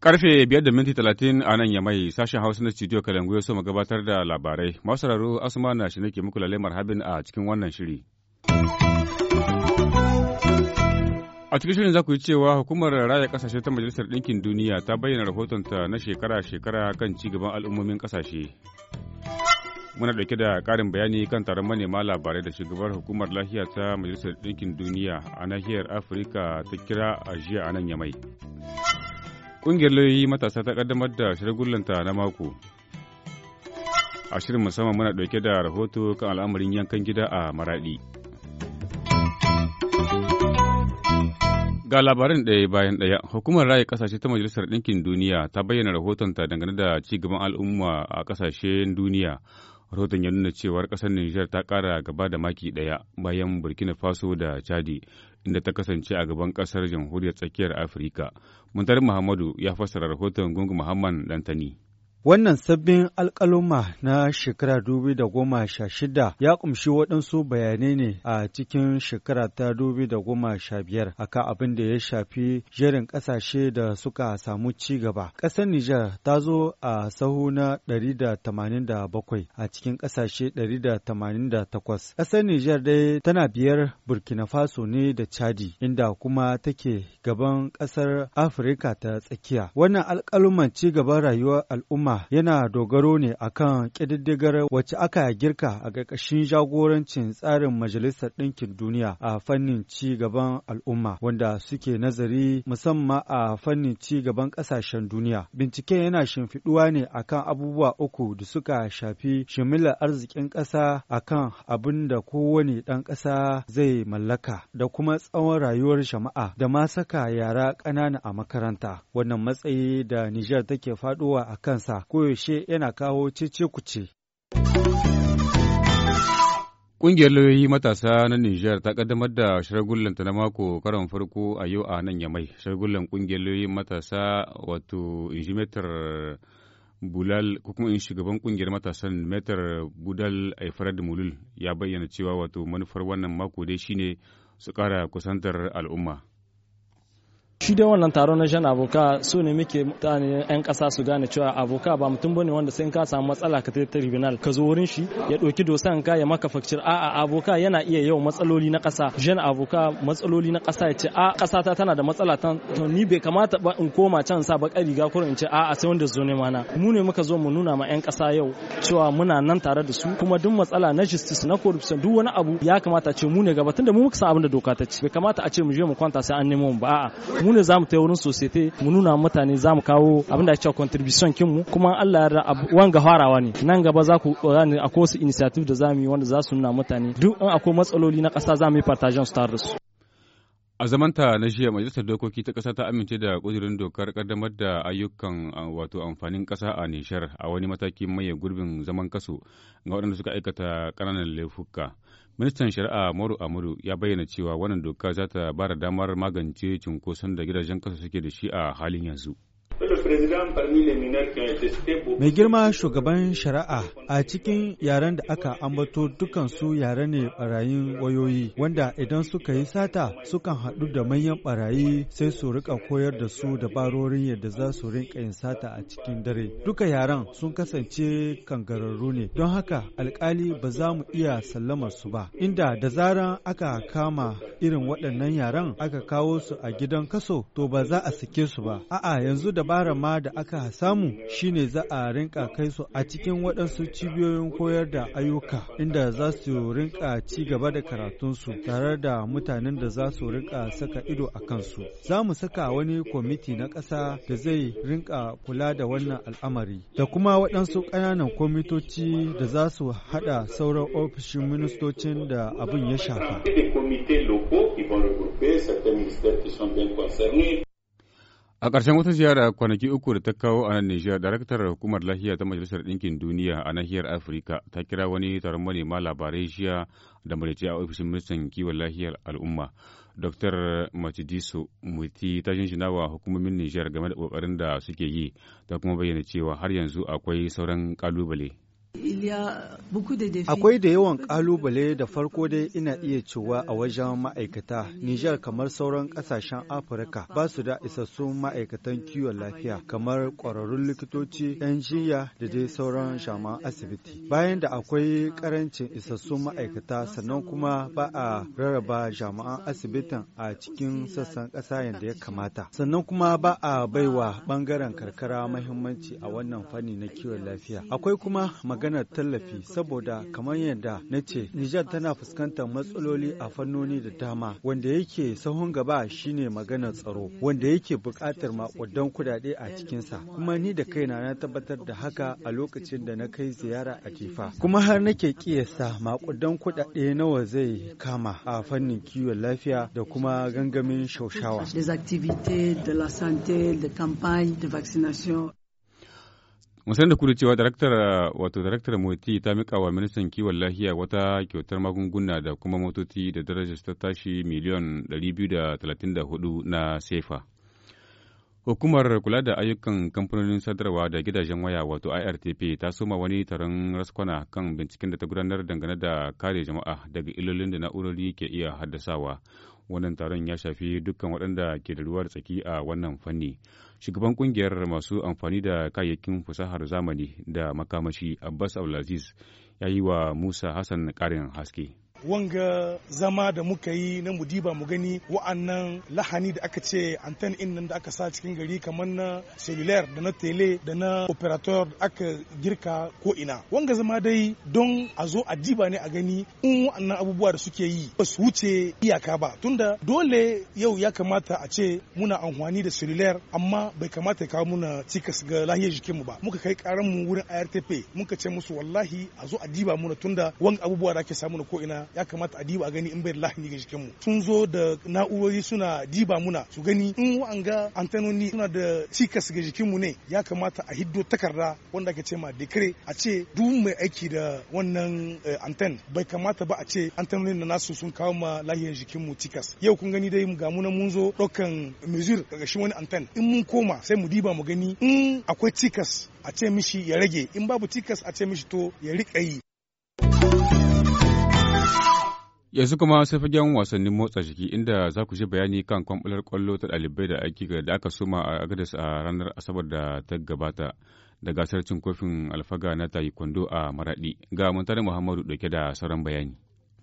Karfe biyar da minti talatin a nan ya mai sashen Hausa na studio Kalangu ya so mu gabatar da labarai. Masu sauraro Asma na shi nake muku lalle marhabin a cikin wannan shiri. A cikin shirin za ku yi cewa hukumar raya kasashe ta Majalisar Ɗinkin Duniya ta bayyana rahotonta na shekara-shekara kan ci gaban al'ummomin kasashe. Muna ɗauke da karin bayani kan taron manema labarai da shugabar hukumar lafiya ta Majalisar Ɗinkin Duniya a nahiyar Afirka ta kira a jiya a nan Yamai. Ƙungiyar lauyoyi matasa ta ƙaddamar da shirgullanta na mako. A shirin musamman muna ɗauke da rahoto kan al'amarin yankan gida a Maraɗi. Ga labarin ɗaya bayan ɗaya, hukumar raya ƙasashe ta Majalisar Ɗinkin Duniya ta bayyana rahotonta dangane da ci gaban al'umma a ƙasashen duniya. Rahoton ya nuna cewar ƙasar Nijar ta ƙara gaba da maki ɗaya bayan Burkina Faso da Chadi, inda ta kasance a gaban ƙasar Jamhuriyar Tsakiyar Afirka. Muntar Muhammadu ya fassara rahoton Gungu Muhammad Dantani. Wannan sabbin alkaluma na shekara dubi da goma sha shida ya kumshi waɗansu bayanai ne a cikin shekara ta dubi da goma sha biyar akan abin da ya shafi jerin ƙasashe da suka samu ci gaba. Ƙasar Nijar ta zo a sahu na ɗari da tamanin da bakwai a cikin ƙasashe ɗari da tamanin da takwas. Ƙasar Nijar dai tana biyar Burkina Faso ne da Chadi inda kuma take gaban ƙasar Afirka ta tsakiya. Wannan alkaluman ci gaban rayuwar al'umma alƙaluma yana dogaro ne akan ƙididdigar wacce aka girka a ƙarƙashin jagorancin tsarin Majalisar Ɗinkin Duniya a fannin ci gaban al'umma wanda suke nazari musamman a fannin ci gaban ƙasashen duniya. Binciken yana shimfiɗuwa ne akan abubuwa uku da suka shafi shimillar arzikin ƙasa akan abin da kowane ɗan ƙasa zai mallaka da kuma tsawon rayuwar jama'a da ma saka yara ƙanana a makaranta. Wannan matsayi da Nijar take faɗowa a kansa koyaushe yana kawo cece kuce. Ƙungiyar lauyoyi matasa na Nijar ta ƙaddamar da ta na mako karon farko a yau a nan yamai. Shirgullan ƙungiyar lauyoyi matasa wato injimetar Bulal ko kuma in shugaban ƙungiyar matasan Metar Budal Aifarad Mulul ya bayyana cewa wato manufar wannan mako dai shine su ƙara kusantar al'umma. Shi dai wannan taro na jan aboka su ne muke mutane 'yan kasa su gane cewa aboka ba mutum bane wanda sai in ka samu matsala ka tafi tribunal ka zo wurin shi ya ɗauki dosan ka ya maka fakcir a aboka yana iya yau matsaloli na ƙasa jan aboka matsaloli na ƙasa ya ce a kasa ta tana da matsala ta ni bai kamata ba in koma can sa baƙar riga kurin in ce a sai wanda zo ne mana mu ne muka zo mu nuna ma 'yan kasa yau cewa muna nan tare da su kuma duk matsala na justice na corruption duk wani abu ya kamata ce mu ne gaba tunda mu muka san abin da doka ta ce bai kamata a ce mu je mu kwanta sai an nemo mu ba a'a mu ne zamu tai wurin society mu nuna mutane zamu kawo abin da ake contribution kin mu kuma Allah ya rabu wanga farawa ne nan gaba za ku ne akwai wasu initiative da zamu yi wanda za su nuna mutane duk in akwai matsaloli na kasa zamu yi partagen su tare da su A zamanta na jiya majalisar dokoki ta kasa ta amince da kudirin dokar kaddamar da ayyukan wato amfanin kasa a Nishar a wani mataki maye gurbin zaman kaso ga wadanda suka aikata kananan laifuka. Ministan Shari'a Moru Amuru ya bayyana cewa wannan doka za ta ba da damar magance cunkoson da gidajen kasa suke da shi a halin yanzu. Mai girma shugaban shari'a a cikin yaren da aka ambato dukansu yare ne barayin wayoyi wanda idan suka yi sata sukan haɗu da manyan barayi sai su rika koyar da su dabarorin yadda za su rinka yin sata a cikin dare. Duka yaren sun kasance kangararru ne don haka alkali ba za mu iya sallamar su ba. Inda da zaran aka kama irin waɗannan yaren aka kawo su a gidan kaso to ba za a sake su ba. A'a yanzu da bara ma da aka samu shine za a rinka kai su a cikin waɗansu cibiyoyin koyar da ayyuka inda za su rinka ci gaba da karatunsu tare da mutanen da za su rinka saka ido a kansu. Za mu saka wani kwamiti na ƙasa da zai rinka kula da wannan al'amari da kuma waɗansu ƙananan kwamitoci da za su haɗa sauran ofishin ministocin da abin ya shafa. A ƙarshen wata ziyara kwanaki uku da ta kawo a nan Nijar, daraktar hukumar lafiya ta Majalisar Ɗinkin Duniya a nahiyar Afirka ta kira wani taron manema labarai jiya da marice a ofishin ministan kiwon lahiyar al'umma. Dr. Matidiso Muti ta jinjina wa hukumomin Nijar game da ƙoƙarin da suke yi ta kuma bayyana cewa har yanzu akwai sauran ƙalubale. Akwai da yawan ƙalubale da farko dai ina iya cewa a wajen ma'aikata, Nijar kamar sauran ƙasashen Afirka ba su da isassun ma'aikatan kiwon lafiya kamar ƙwararrun likitoci, 'yan jiya da dai sauran shaman asibiti. Bayan da akwai ƙarancin isassun ma'aikata sannan kuma ba a rarraba jami'an asibitin a cikin sassan ƙasa yadda ya kamata. Sannan kuma ba a baiwa ɓangaren karkara mahimmanci a wannan fanni na kiwon lafiya. Akwai kuma maganar tallafi saboda kamar yadda na ce Nijar tana fuskantar matsaloli a fannoni da dama wanda yake sahun gaba shine maganar tsaro wanda yake buƙatar maƙudan kudade a cikinsa kuma ni da kaina na tabbatar da haka a lokacin da na kai ziyara a Jifa kuma har nake kiyasta maƙudan kudade nawa zai kama a fannin kiwon lafiya da kuma gangamin shaushawa. mun da ku da cewa daraktar wato daraktar moti ta mika wa ministan kiwon lafiya wata kyautar magunguna da kuma motoci da darajar ta tashi miliyan 234 na sefa Hukumar kula da ayyukan kamfanonin sadarwa da gidajen waya wato IRTP ta soma wani taron raskwana kan binciken da ta gudanar dangane da kare jama'a daga ilolin da na'urori ke iya haddasawa. Wannan taron ya shafi dukkan waɗanda ke da ruwar tsaki a wannan fanni. shugaban kungiyar masu amfani da kayayyakin fasahar zamani da makamashi abbas abdulaziz ya yi wa musa hassan ƙarin haske wanga zama da muka yi na mudiba mu gani wa'annan lahani da aka ce anten in nan da aka sa cikin gari kamar na cellular da na tele da na operator da aka girka ko ina wanga zama dai don a zo a diba ne a gani in wa'annan abubuwa da suke yi ba su wuce iyaka ba tunda dole yau ya kamata a ce muna amfani da cellular amma bai kamata ya kawo muna cikas ga lahiyar mu ba muka kai karan mu wurin ARTP muka ce musu wallahi a zo a diba muna tunda wanga abubuwa da ake samu ko ina ya kamata a diba a gani in bai da lahani ga jikin mu sun zo da na'urori suna diba muna su gani in wa'anga antenoni suna da cikas ga jikinmu ne ya kamata a hiddo takarda wanda ake ce ma a ce duk mai aiki da wannan eh, anten bai kamata ba a ce antenoni na nasu sun kawo ma lahiyar jikinmu cikas yau kun gani dai ga mu mun zo ɗaukan mezir shi wani anten in mun koma sai mu diba mu gani in akwai cikas a ce mishi ya rage in babu cikas a ce mishi to ya riƙa yi Yanzu kuma sai fagen wasannin motsa jiki inda za ku ji bayani kan kwamfular kwallo ta ɗalibai da aiki da aka suma a Agadez a ranar Asabar da ta gabata da gasar cin kofin alfaga na kwando a Maraɗi. Ga Muntari Muhammadu ɗauke da sauran bayani.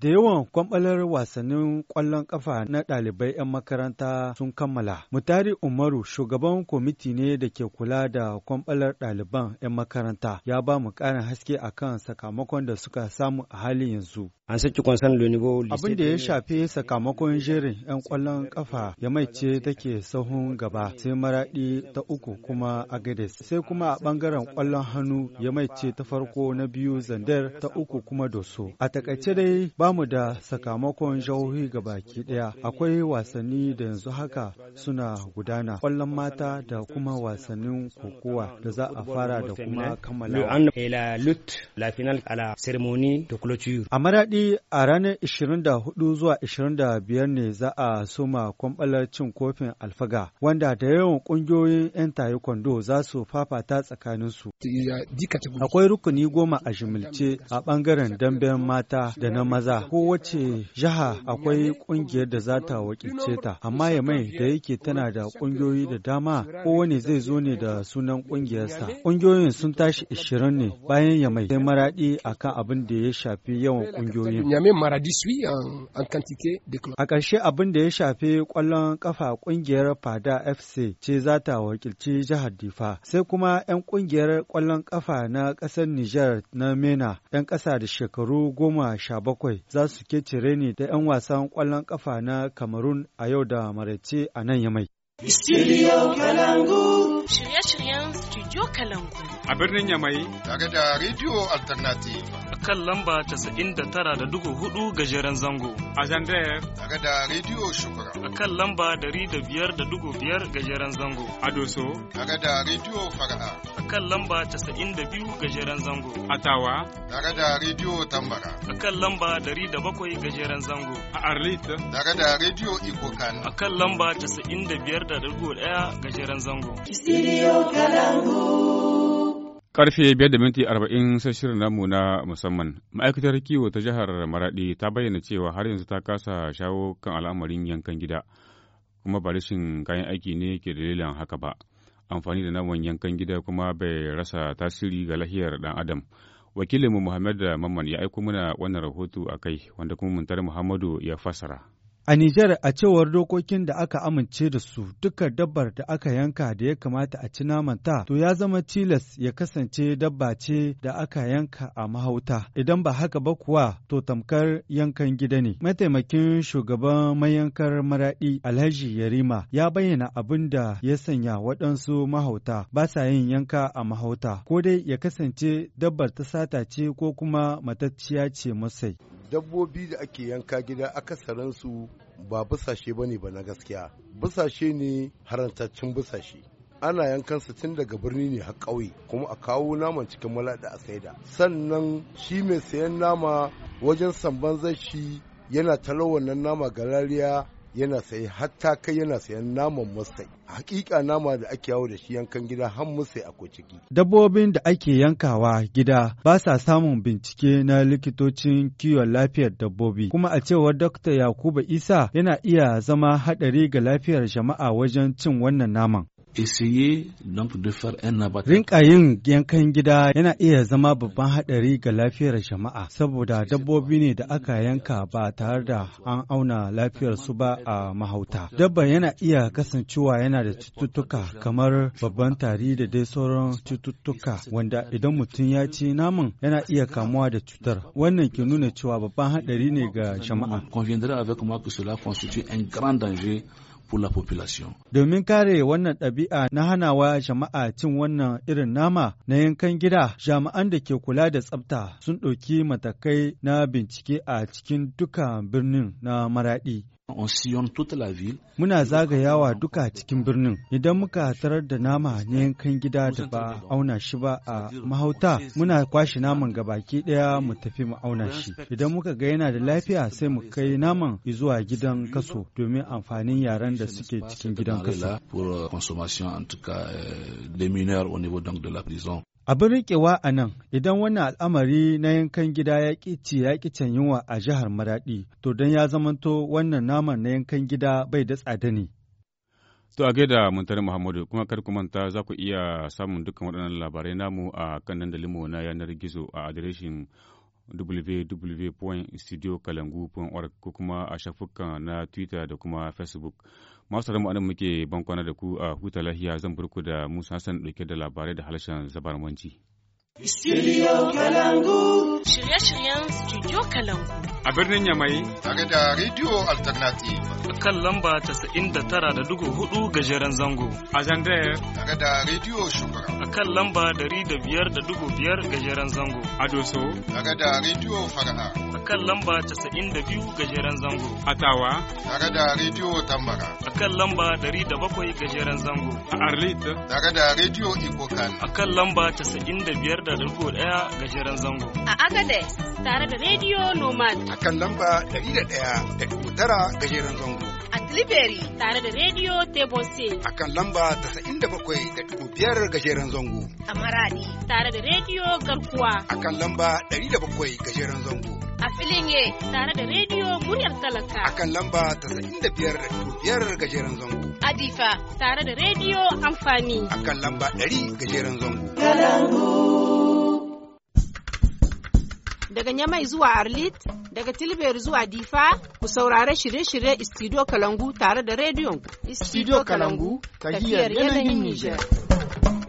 Da yawan kwamfular wasannin kwallon kafa na ɗalibai 'yan makaranta sun kammala. Mutari Umaru, shugaban kwamiti ne da ke kula da kwamɓalar ɗaliban 'yan makaranta, ya ba mu ƙarin haske akan sakamakon da suka samu a halin yanzu. Abin da ya shafi sakamakon jerin 'yan kwallon kafa ya mai ce take sahun gaba sai maraɗi ta uku kuma agades sai kuma a bangaren kwallon hannu ya mai ce ta farko na biyu zandar ta uku kuma doso. A takaice dai bamu da sakamakon gaba baki ɗaya akwai wasanni da yanzu haka suna gudana kwallon mata da kuma wasannin kokowa da za a fara da kuma kammala. A maraɗi a ranar 24 zuwa 25 ne za a soma kwamɓalar cin kofin alfaga wanda da yawan ƙungiyoyin 'yan taekwondo za su fafata tsakaninsu. Akwai rukuni goma a jimilce a ɓangaren damben mata da na maza. Kowace jiha akwai ƙungiyar da za ta wakilce ta, amma ya mai da yake tana da ƙungiyoyi da dama kowane zai zo ne da sunan ƙungiyarsa. Ƙungiyoyin sun tashi 20 ne bayan ya mai sai maraɗi akan abin da ya shafi yawan ƙungiyoyi. A ƙarshe abin da ya shafi ƙwallon ƙafa ƙungiyar Fada FC ce za ta wakilci jihar Difa. Sai kuma 'yan ƙungiyar ƙwallon ƙafa na ƙasar Nijar na MENA 'yan ƙasa da shekaru goma sha bakwai za su kecire ni da 'yan wasan ƙwallon ƙafa na Cameroon a yau da maraice a nan Yamai. Studio Kalangu. shirye-shiryen Studio Kalangu. A birnin Yamai. Tare da Radio Alternative. A kan lamba tara da dugu hudu gajeren zango. A Zandayar. Tare da Radio Shukura. A kan lamba dari da da dugu biyar gajeren zango. A Doso. Tare da Radio Fara'a. A kan lamba biyu gajeren zango. A Tawa. Tare da Radio Tambara. A kan lamba dari da bakwai gajeren zango. A arlit Tare da Radio Ikokan. A kan lamba 95.1 gajeren zango. Karfe biyar da minti arba'in sai namu na musamman. Ma'aikatar kiwo ta jihar Maradi ta bayyana cewa har yanzu ta kasa shawo kan al'amarin yankan gida, kuma ba rashin kayan aiki ne ke dalilin haka ba. Amfani da naman yankan gida kuma bai rasa tasiri ga lahiyar ɗan adam. Wakilinmu Muhammad Mamman ya aiko mana wannan rahoto a kai, wanda kuma Muntar Muhammadu ya fassara. A Nijar a cewar dokokin da aka amince da su duka dabbar da aka yanka da ya kamata a ci namanta to ya zama tilas ya kasance dabba ce da aka yanka a mahauta idan ba haka ba kuwa to tamkar yankan gida ne. Mataimakin shugaban mayankar maraɗi Alhaji Yarima ya bayyana abin da ya sanya waɗansu mahauta ba sa yin yanka a mahauta ko dai ya kasance dabbar ta sata ce ko kuma matacciya ce masai. dabbobi da ake yanka gida akasarinsu ba busashe ba ne ba na gaskiya busashe ne harantaccen busashe ana yankan su tun daga birni ne har ƙauye kuma a kawo naman cikin malaɗa a saida sannan shi mai sayan nama wajen samban zai shi yana talar wannan nama ga galariya yana sayi hatta kai yana sayan naman mustai hakika nama da ake yawo da shi yankan gida har musai akwai ciki dabbobin da ake yankawa gida ba sa samun bincike na likitocin kiwon lafiyar dabbobi kuma a cewa dr yakuba isa yana iya zama hadari ga lafiyar jama'a wajen cin wannan naman essayer donc de Rinka yin yankan gida yana iya zama babban haɗari ga lafiyar jama'a saboda dabbobi ne da aka yanka ba tare da an auna lafiyar su ba a mahauta. Dabba yana iya kasancewa yana da cututtuka kamar babban tari da dai sauran cututtuka wanda idan mutum ya ci naman yana iya kamuwa da cutar. Wannan ke nuna cewa babban haɗari ne ga jama'a. Conviendra avec moi que cela constitue un danger pour la population. Domin kare wannan ɗabi'a na hanawa jama'a cin wannan irin nama na yankan gida, jama'an da ke kula da tsafta sun ɗauki matakai na bincike a cikin duka birnin na Maraɗi. Muna zagayawa duka cikin birnin. Idan muka tarar da nama na yankan gida da ba auna shi ba a mahauta, muna kwashe naman gabaki daya mu tafi mu auna shi. Idan muka ga yana da lafiya sai mu kai naman zuwa gidan kaso domin amfanin yaren da suke cikin gidan kaso. Abin riƙewa a nan, idan wannan al'amari na yankan gida ya ƙici ya ƙicen yunwa a jihar Maraɗi, to don ya zamanto wannan naman na yankan gida bai da tsada ne. To a gaida Muntari Muhammadu kuma kar ku manta za ku iya samun dukkan waɗannan labarai namu a kan dandalinmu na yanar gizo a adireshin www.studiokalangu.org ko kuma a shafukan na Twitter da kuma Facebook. masu mu anan muke bankwana da ku a huta lahiya zan burku da musa san dauke da labarai da harshen zabarmanci. Studio Kalangu. Shirye-shiryen Studio Kalangu. A birnin Yamai. Tare da Radio Alternative. A kan lamba 99.4 gajeren zango. A Zandaya. Tare da Radio Shugaba. A kan lamba 105.5 gajeren zango. A Doso. Tare da Radio Fara'a. A kan lamba 92 gajeren zango. A Tawa. Tare da Radio Tambara. A kan lamba 107 gajeren zango. A Arlit. Tare da Radio Ikokan. A kan lamba 95 da ga jiran zango. A Agade tare da Radio Nomad. A kan lamba dari da ɗaya da tara gajeren zango. A Tilibiri tare da Radio Tebose. A kan lamba tasa'in da bakwai da biyar gajeren zango. A Maradi tare da Radio Garkuwa. A kan lamba dari da bakwai gajeren zango. a filin ye tare da rediyo muryar talaka. A kan lamba ta da biyar biyar gajeren zango. Adifa tare da rediyo amfani. A kan lamba ɗari gajeren zango. Daga Nyamai zuwa Arlit, daga Tilber zuwa Difa, ku saurare shirye-shirye istidio Kalangu tare da rediyon. istidio Kalangu, tahiyar yanayin Nijar.